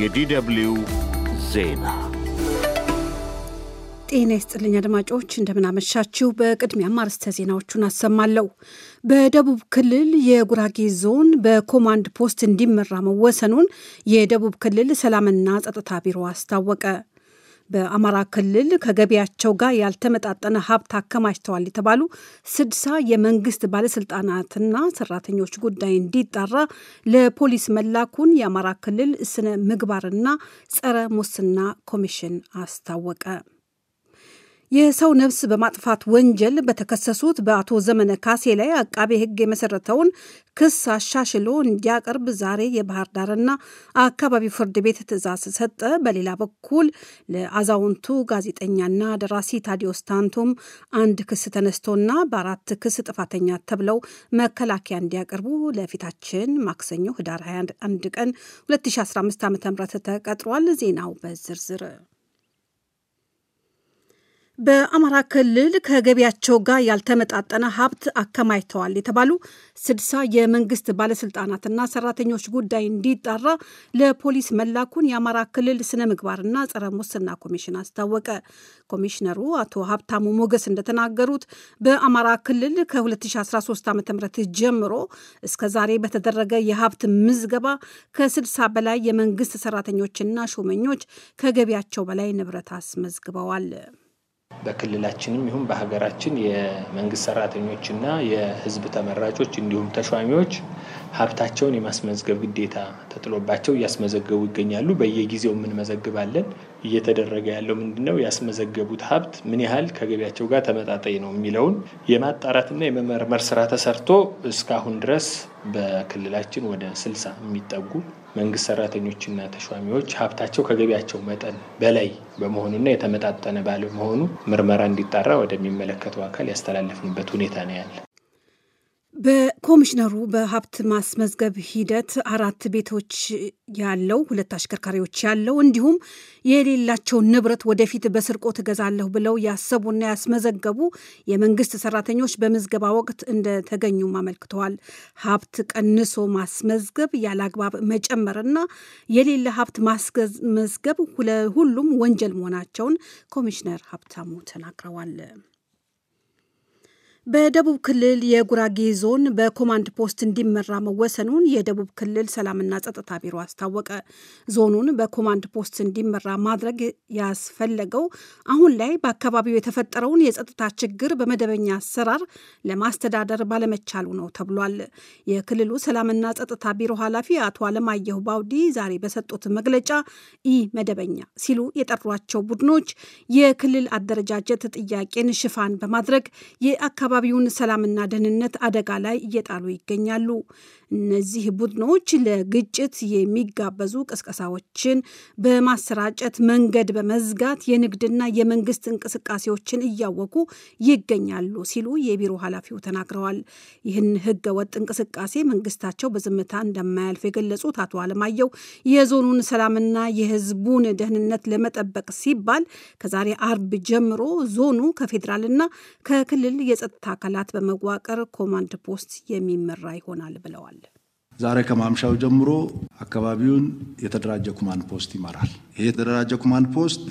የዲደብልዩ ዜና ጤና ይስጥልኝ አድማጮች፣ እንደምናመሻችው። በቅድሚያ አርዕስተ ዜናዎቹን አሰማለሁ። በደቡብ ክልል የጉራጌ ዞን በኮማንድ ፖስት እንዲመራ መወሰኑን የደቡብ ክልል ሰላምና ጸጥታ ቢሮ አስታወቀ። በአማራ ክልል ከገቢያቸው ጋር ያልተመጣጠነ ሀብት አከማችተዋል የተባሉ ስድሳ የመንግስት ባለስልጣናትና ሰራተኞች ጉዳይ እንዲጣራ ለፖሊስ መላኩን የአማራ ክልል ስነ ምግባርና ጸረ ሙስና ኮሚሽን አስታወቀ። የሰው ነፍስ በማጥፋት ወንጀል በተከሰሱት በአቶ ዘመነ ካሴ ላይ አቃቤ ሕግ የመሰረተውን ክስ አሻሽሎ እንዲያቀርብ ዛሬ የባህር ዳርና አካባቢው ፍርድ ቤት ትዕዛዝ ሰጠ። በሌላ በኩል ለአዛውንቱ ጋዜጠኛና ደራሲ ታዲዮስ ታንቶም አንድ ክስ ተነስቶና በአራት ክስ ጥፋተኛ ተብለው መከላከያ እንዲያቀርቡ ለፊታችን ማክሰኞ ህዳር 21 ቀን 2015 ዓ ም ተቀጥሯል። ዜናው በዝርዝር በአማራ ክልል ከገቢያቸው ጋር ያልተመጣጠነ ሀብት አከማይተዋል የተባሉ ስድሳ የመንግስት ባለስልጣናትና ሰራተኞች ጉዳይ እንዲጣራ ለፖሊስ መላኩን የአማራ ክልል ስነ ምግባርና ጸረ ሙስና ኮሚሽን አስታወቀ። ኮሚሽነሩ አቶ ሀብታሙ ሞገስ እንደተናገሩት በአማራ ክልል ከ2013 ዓ ም ጀምሮ እስከ ዛሬ በተደረገ የሀብት ምዝገባ ከ60 በላይ የመንግስት ሰራተኞችና ሹመኞች ከገቢያቸው በላይ ንብረት አስመዝግበዋል። በክልላችንም ይሁን በሀገራችን የመንግስት ሰራተኞችና የህዝብ ተመራጮች እንዲሁም ተሿሚዎች ሀብታቸውን የማስመዝገብ ግዴታ ተጥሎባቸው እያስመዘገቡ ይገኛሉ። በየጊዜው እንመዘግባለን። እየተደረገ ያለው ምንድን ነው? ያስመዘገቡት ሀብት ምን ያህል ከገቢያቸው ጋር ተመጣጣኝ ነው የሚለውን የማጣራትና የመመርመር ስራ ተሰርቶ እስካሁን ድረስ በክልላችን ወደ ስልሳ የሚጠጉ መንግስት ሰራተኞችና ተሿሚዎች ሀብታቸው ከገቢያቸው መጠን በላይ በመሆኑና የተመጣጠነ ባለመሆኑ ምርመራ እንዲጣራ ወደሚመለከተው አካል ያስተላለፍንበት ሁኔታ ነው ያለ። በኮሚሽነሩ በሀብት ማስመዝገብ ሂደት አራት ቤቶች ያለው ሁለት አሽከርካሪዎች ያለው እንዲሁም የሌላቸውን ንብረት ወደፊት በስርቆት እገዛለሁ ብለው ያሰቡና ያስመዘገቡ የመንግስት ሰራተኞች በምዝገባ ወቅት እንደተገኙም አመልክተዋል። ሀብት ቀንሶ ማስመዝገብ፣ ያለአግባብ መጨመርና የሌለ ሀብት ማስመዝገብ ሁሉም ወንጀል መሆናቸውን ኮሚሽነር ሀብታሙ ተናግረዋል። በደቡብ ክልል የጉራጌ ዞን በኮማንድ ፖስት እንዲመራ መወሰኑን የደቡብ ክልል ሰላምና ጸጥታ ቢሮ አስታወቀ። ዞኑን በኮማንድ ፖስት እንዲመራ ማድረግ ያስፈለገው አሁን ላይ በአካባቢው የተፈጠረውን የጸጥታ ችግር በመደበኛ አሰራር ለማስተዳደር ባለመቻሉ ነው ተብሏል። የክልሉ ሰላምና ጸጥታ ቢሮ ኃላፊ አቶ አለማየሁ ባውዲ ዛሬ በሰጡት መግለጫ ኢ መደበኛ ሲሉ የጠሯቸው ቡድኖች የክልል አደረጃጀት ጥያቄን ሽፋን በማድረግ የአካባቢ የአካባቢውን ሰላምና ደህንነት አደጋ ላይ እየጣሉ ይገኛሉ። እነዚህ ቡድኖች ለግጭት የሚጋበዙ ቅስቀሳዎችን በማሰራጨት መንገድ በመዝጋት የንግድና የመንግስት እንቅስቃሴዎችን እያወቁ ይገኛሉ ሲሉ የቢሮ ኃላፊው ተናግረዋል። ይህን ህገ ወጥ እንቅስቃሴ መንግስታቸው በዝምታ እንደማያልፍ የገለጹት አቶ አለማየሁ የዞኑን ሰላምና የህዝቡን ደህንነት ለመጠበቅ ሲባል ከዛሬ አርብ ጀምሮ ዞኑ ከፌዴራልና ከክልል የጸጥታ አካላት በመዋቀር ኮማንድ ፖስት የሚመራ ይሆናል ብለዋል። ዛሬ ከማምሻው ጀምሮ አካባቢውን የተደራጀ ኮማንድ ፖስት ይመራል። ይሄ የተደራጀ ኮማንድ ፖስት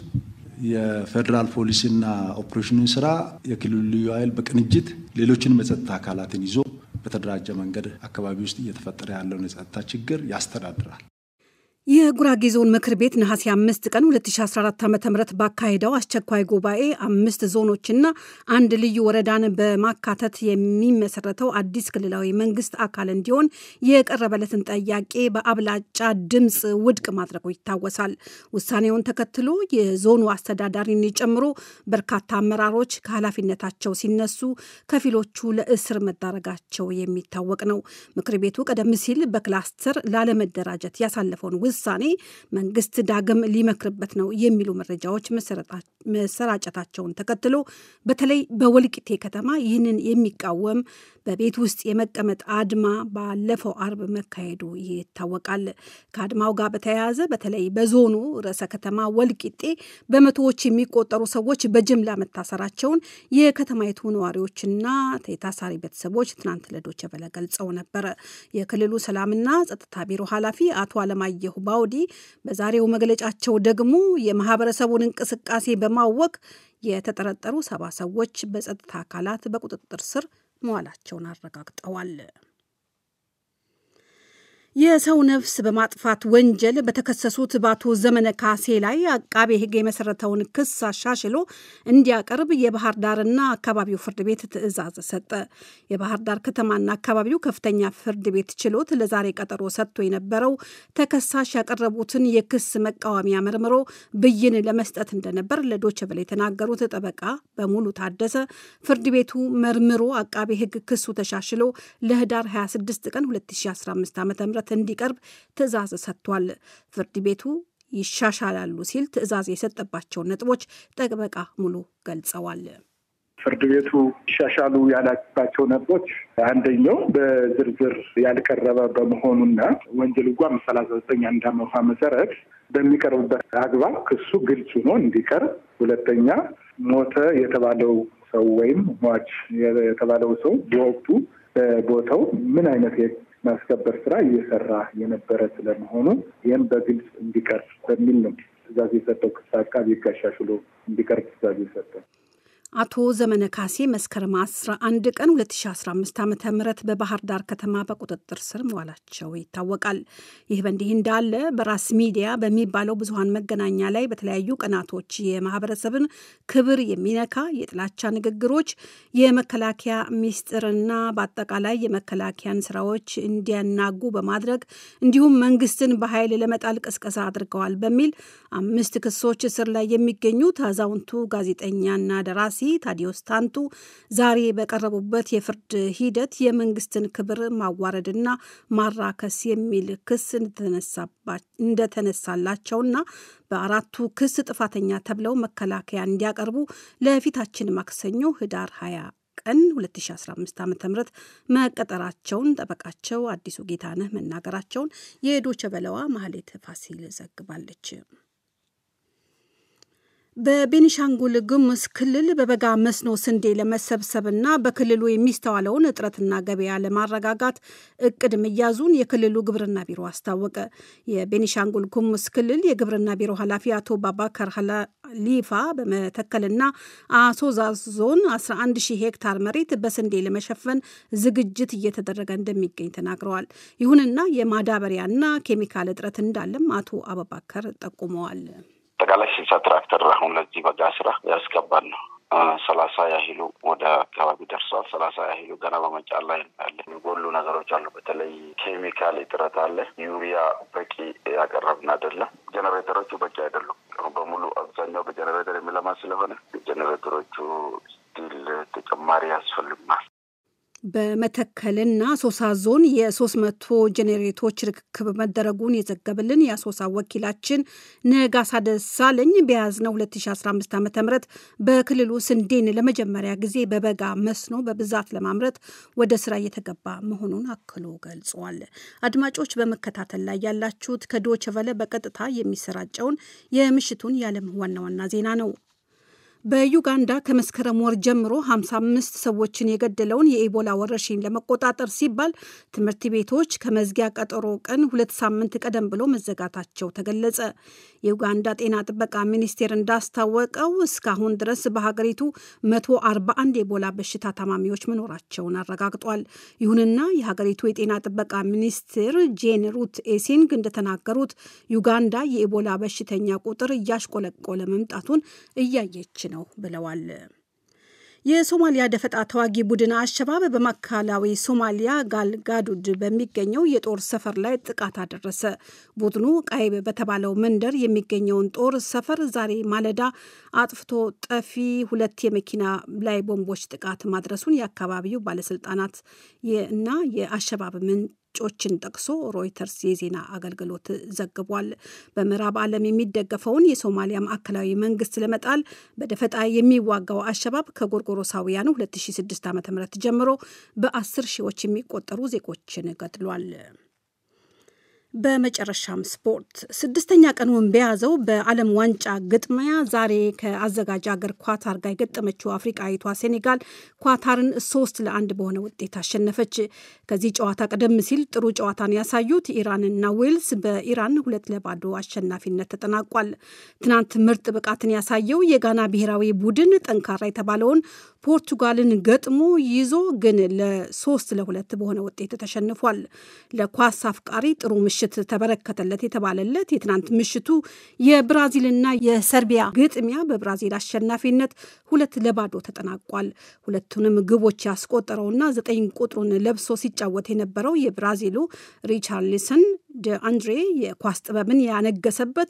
የፌዴራል ፖሊስና ኦፕሬሽንን ስራ የክልሉ ልዩ ኃይል በቅንጅት ሌሎችንም የጸጥታ አካላትን ይዞ በተደራጀ መንገድ አካባቢ ውስጥ እየተፈጠረ ያለውን የጸጥታ ችግር ያስተዳድራል። የጉራጌ ዞን ምክር ቤት ነሐሴ አምስት ቀን 2014 ዓ ም ባካሄደው አስቸኳይ ጉባኤ አምስት ዞኖችና አንድ ልዩ ወረዳን በማካተት የሚመሰረተው አዲስ ክልላዊ መንግስት አካል እንዲሆን የቀረበለትን ጥያቄ በአብላጫ ድምፅ ውድቅ ማድረጉ ይታወሳል። ውሳኔውን ተከትሎ የዞኑ አስተዳዳሪን ጨምሮ በርካታ አመራሮች ከኃላፊነታቸው ሲነሱ፣ ከፊሎቹ ለእስር መዳረጋቸው የሚታወቅ ነው። ምክር ቤቱ ቀደም ሲል በክላስተር ላለመደራጀት ያሳለፈውን ውሳኔ መንግስት ዳግም ሊመክርበት ነው የሚሉ መረጃዎች መሰራጨታቸውን ተከትሎ በተለይ በወልቂቴ ከተማ ይህንን የሚቃወም በቤት ውስጥ የመቀመጥ አድማ ባለፈው አርብ መካሄዱ ይታወቃል። ከአድማው ጋር በተያያዘ በተለይ በዞኑ ርዕሰ ከተማ ወልቂጤ በመቶዎች የሚቆጠሩ ሰዎች በጅምላ መታሰራቸውን የከተማይቱ ነዋሪዎችና የታሳሪ ቤተሰቦች ትናንት ለዶይቼ ገልጸው ነበር። የክልሉ ሰላምና ጸጥታ ቢሮ ኃላፊ አቶ አለማየሁ ባውዲ በዛሬው መግለጫቸው ደግሞ የማህበረሰቡን እንቅስቃሴ በማወክ የተጠረጠሩ ሰባ ሰዎች በጸጥታ አካላት በቁጥጥር ስር መዋላቸውን አረጋግጠዋል። የሰው ነፍስ በማጥፋት ወንጀል በተከሰሱት በአቶ ዘመነ ካሴ ላይ አቃቤ ሕግ የመሰረተውን ክስ አሻሽሎ እንዲያቀርብ የባህር ዳርና አካባቢው ፍርድ ቤት ትዕዛዝ ሰጠ። የባህር ዳር ከተማና አካባቢው ከፍተኛ ፍርድ ቤት ችሎት ለዛሬ ቀጠሮ ሰጥቶ የነበረው ተከሳሽ ያቀረቡትን የክስ መቃወሚያ መርምሮ ብይን ለመስጠት እንደነበር ለዶች ቬለ የተናገሩት ጠበቃ በሙሉ ታደሰ ፍርድ ቤቱ መርምሮ አቃቤ ሕግ ክሱ ተሻሽሎ ለህዳር 26 ቀን 2015 ዓ ም ለችሎት እንዲቀርብ ትዕዛዝ ሰጥቷል። ፍርድ ቤቱ ይሻሻላሉ ሲል ትዕዛዝ የሰጠባቸውን ነጥቦች ጠበቃ ሙሉ ገልጸዋል። ፍርድ ቤቱ ይሻሻሉ ያላባቸው ነጥቦች አንደኛው በዝርዝር ያልቀረበ በመሆኑና ወንጀል ህጉ አምስት ሰላሳ ዘጠኝ አንድ አመፋ መሰረት በሚቀርብበት አግባብ ክሱ ግልጽ ሆኖ እንዲቀርብ። ሁለተኛ ሞተ የተባለው ሰው ወይም ሟች የተባለው ሰው በወቅቱ በቦታው ምን አይነት ማስከበር ስራ እየሰራ የነበረ ስለመሆኑ ይህም በግልጽ እንዲቀርብ በሚል ነው ትእዛዝ የሰጠው ክስ አቃቢ ሕግ አሻሽሎ እንዲቀርብ ትእዛዝ የሰጠው። አቶ ዘመነ ካሴ መስከረም 11 ቀን 2015 ዓ ም በባህር ዳር ከተማ በቁጥጥር ስር መዋላቸው ይታወቃል። ይህ በእንዲህ እንዳለ በራስ ሚዲያ በሚባለው ብዙሀን መገናኛ ላይ በተለያዩ ቀናቶች የማህበረሰብን ክብር የሚነካ የጥላቻ ንግግሮች፣ የመከላከያ ሚስጥርና በአጠቃላይ የመከላከያን ስራዎች እንዲያናጉ በማድረግ እንዲሁም መንግስትን በኃይል ለመጣል ቅስቀሳ አድርገዋል በሚል አምስት ክሶች እስር ላይ የሚገኙት አዛውንቱ ጋዜጠኛና ደራሲ ታዲዮስ ታንቱ ዛሬ በቀረቡበት የፍርድ ሂደት የመንግስትን ክብር ማዋረድና ማራከስ የሚል ክስ እንደተነሳላቸውና በአራቱ ክስ ጥፋተኛ ተብለው መከላከያ እንዲያቀርቡ ለፊታችን ማክሰኞ ህዳር 20 ቀን 2015 ዓ ም መቀጠራቸውን ጠበቃቸው አዲሱ ጌታነህ መናገራቸውን የዶቸ በለዋ ማህሌት ፋሲል ዘግባለች። በቤኒሻንጉል ጉሙዝ ክልል በበጋ መስኖ ስንዴ ለመሰብሰብና በክልሉ የሚስተዋለውን እጥረትና ገበያ ለማረጋጋት እቅድ መያዙን የክልሉ ግብርና ቢሮ አስታወቀ። የቤኒሻንጉል ጉሙዝ ክልል የግብርና ቢሮ ኃላፊ አቶ ባባከር ሊፋ በመተከልና አሶዛ ዞን 11 ሺህ ሄክታር መሬት በስንዴ ለመሸፈን ዝግጅት እየተደረገ እንደሚገኝ ተናግረዋል። ይሁንና የማዳበሪያና ኬሚካል እጥረት እንዳለም አቶ አበባከር ጠቁመዋል። አጠቃላይ ስልሳ ትራክተር አሁን ለዚህ በጋ ስራ ያስገባል ነው። ሰላሳ ያህሉ ወደ አካባቢ ደርሰዋል። ሰላሳ ያህሉ ገና በመጫን ላይ ያለ የሚጎሉ ነገሮች አሉ። በተለይ ኬሚካል እጥረት አለ። ዩሪያ በቂ ያቀረብን አይደለም። ጀኔሬተሮቹ በቂ አይደሉም። በሙሉ አብዛኛው በጀኔሬተር የሚለማ ስለሆነ ጀነሬተሮቹ ስቲል ተጨማሪ ያስፈልግናል። በመተከልና ሶሳ ዞን የ300 ጄኔሬቶች ርክክብ መደረጉን የዘገብልን የአሶሳ ወኪላችን ነጋሳ ደሳለኝ በያዝነው 2015 ዓ ም በክልሉ ስንዴን ለመጀመሪያ ጊዜ በበጋ መስኖ በብዛት ለማምረት ወደ ስራ እየተገባ መሆኑን አክሎ ገልጿል። አድማጮች በመከታተል ላይ ያላችሁት ከዶቸቨለ በቀጥታ የሚሰራጨውን የምሽቱን የዓለም ዋና ዋና ዜና ነው። በዩጋንዳ ከመስከረም ወር ጀምሮ 55 ሰዎችን የገደለውን የኢቦላ ወረርሽኝ ለመቆጣጠር ሲባል ትምህርት ቤቶች ከመዝጊያ ቀጠሮ ቀን ሁለት ሳምንት ቀደም ብሎ መዘጋታቸው ተገለጸ። የዩጋንዳ ጤና ጥበቃ ሚኒስቴር እንዳስታወቀው እስካሁን ድረስ በሀገሪቱ 141 የኢቦላ በሽታ ታማሚዎች መኖራቸውን አረጋግጧል። ይሁንና የሀገሪቱ የጤና ጥበቃ ሚኒስትር ጄን ሩት ኤሲንግ እንደተናገሩት ዩጋንዳ የኢቦላ በሽተኛ ቁጥር እያሽቆለቆለ መምጣቱን እያየች ነው ነው ብለዋል። የሶማሊያ ደፈጣ ተዋጊ ቡድን አሸባብ በማዕከላዊ ሶማሊያ ጋል ጋዱድ በሚገኘው የጦር ሰፈር ላይ ጥቃት አደረሰ። ቡድኑ ቀይብ በተባለው መንደር የሚገኘውን ጦር ሰፈር ዛሬ ማለዳ አጥፍቶ ጠፊ ሁለት የመኪና ላይ ቦምቦች ጥቃት ማድረሱን የአካባቢው ባለስልጣናት እና የአሸባብ ምንጮችን ጠቅሶ ሮይተርስ የዜና አገልግሎት ዘግቧል። በምዕራብ ዓለም የሚደገፈውን የሶማሊያ ማዕከላዊ መንግስት ለመጣል በደፈጣ የሚዋጋው አሸባብ ከጎርጎሮሳውያኑ 2006 ዓ ም ጀምሮ በአስር ሺዎች የሚቆጠሩ ዜጎችን ገድሏል። በመጨረሻም ስፖርት ስድስተኛ ቀኑን በያዘው በዓለም ዋንጫ ግጥሚያ ዛሬ ከአዘጋጅ ሀገር ኳታር ጋር የገጠመችው አፍሪቃዊቷ ሴኔጋል ኳታርን ሶስት ለአንድ በሆነ ውጤት አሸነፈች። ከዚህ ጨዋታ ቀደም ሲል ጥሩ ጨዋታን ያሳዩት ኢራንና ዌልስ በኢራን ሁለት ለባዶ አሸናፊነት ተጠናቋል። ትናንት ምርጥ ብቃትን ያሳየው የጋና ብሔራዊ ቡድን ጠንካራ የተባለውን ፖርቱጋልን ገጥሞ ይዞ ግን ለሶስት ለሁለት በሆነ ውጤት ተሸንፏል። ለኳስ አፍቃሪ ጥሩ ምሽት ምሽት ተበረከተለት የተባለለት የትናንት ምሽቱ የብራዚልና የሰርቢያ ግጥሚያ በብራዚል አሸናፊነት ሁለት ለባዶ ተጠናቋል። ሁለቱንም ግቦች ያስቆጠረውና ዘጠኝ ቁጥሩን ለብሶ ሲጫወት የነበረው የብራዚሉ ሪቻርሊሰን አንድሬ የኳስ ጥበብን ያነገሰበት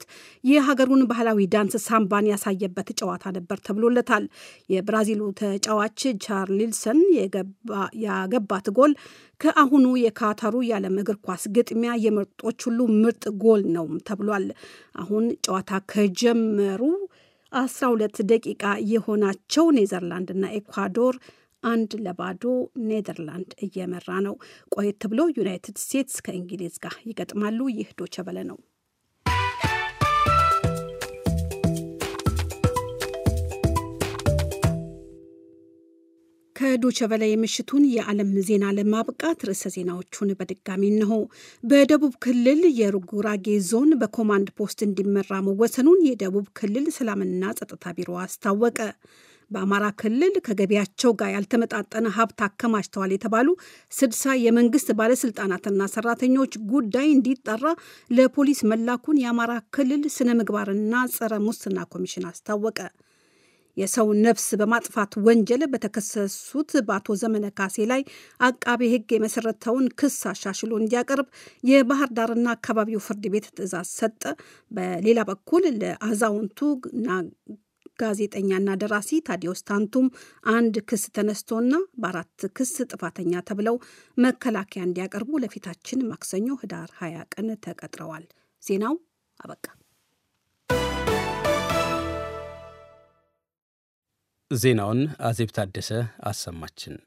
የሀገሩን ባህላዊ ዳንስ ሳምባን ያሳየበት ጨዋታ ነበር ተብሎለታል። የብራዚሉ ተጫዋች ቻርሊልሰን ያገባት ጎል ከአሁኑ የካታሩ የዓለም እግር ኳስ ግጥሚያ የምርጦች ሁሉ ምርጥ ጎል ነው ተብሏል። አሁን ጨዋታ ከጀመሩ 12 ደቂቃ የሆናቸው ኔዘርላንድና ኤኳዶር አንድ ለባዶ ኔዘርላንድ እየመራ ነው። ቆየት ብሎ ዩናይትድ ስቴትስ ከእንግሊዝ ጋር ይገጥማሉ። ይህ ዶቼ ቬለ ነው። ከዶቸበለ የምሽቱን የዓለም ዜና ለማብቃት ርዕሰ ዜናዎቹን በድጋሚ እንሆ። በደቡብ ክልል የጉራጌ ዞን በኮማንድ ፖስት እንዲመራ መወሰኑን የደቡብ ክልል ሰላምና ጸጥታ ቢሮ አስታወቀ። በአማራ ክልል ከገቢያቸው ጋር ያልተመጣጠነ ሀብት አከማችተዋል የተባሉ ስድሳ የመንግስት ባለስልጣናትና ሰራተኞች ጉዳይ እንዲጠራ ለፖሊስ መላኩን የአማራ ክልል ስነ ምግባርና ጸረ ሙስና ኮሚሽን አስታወቀ። የሰው ነፍስ በማጥፋት ወንጀል በተከሰሱት በአቶ ዘመነ ካሴ ላይ አቃቤ ሕግ የመሰረተውን ክስ አሻሽሎ እንዲያቀርብ የባህር ዳርና አካባቢው ፍርድ ቤት ትዕዛዝ ሰጠ። በሌላ በኩል ለአዛውንቱ ጋዜጠኛና ደራሲ ታዲዮስ ታንቱም አንድ ክስ ተነስቶና በአራት ክስ ጥፋተኛ ተብለው መከላከያ እንዲያቀርቡ ለፊታችን ማክሰኞ ህዳር 20 ቀን ተቀጥረዋል። ዜናው አበቃ። ዜናውን አዜብ ታደሰ አሰማችን።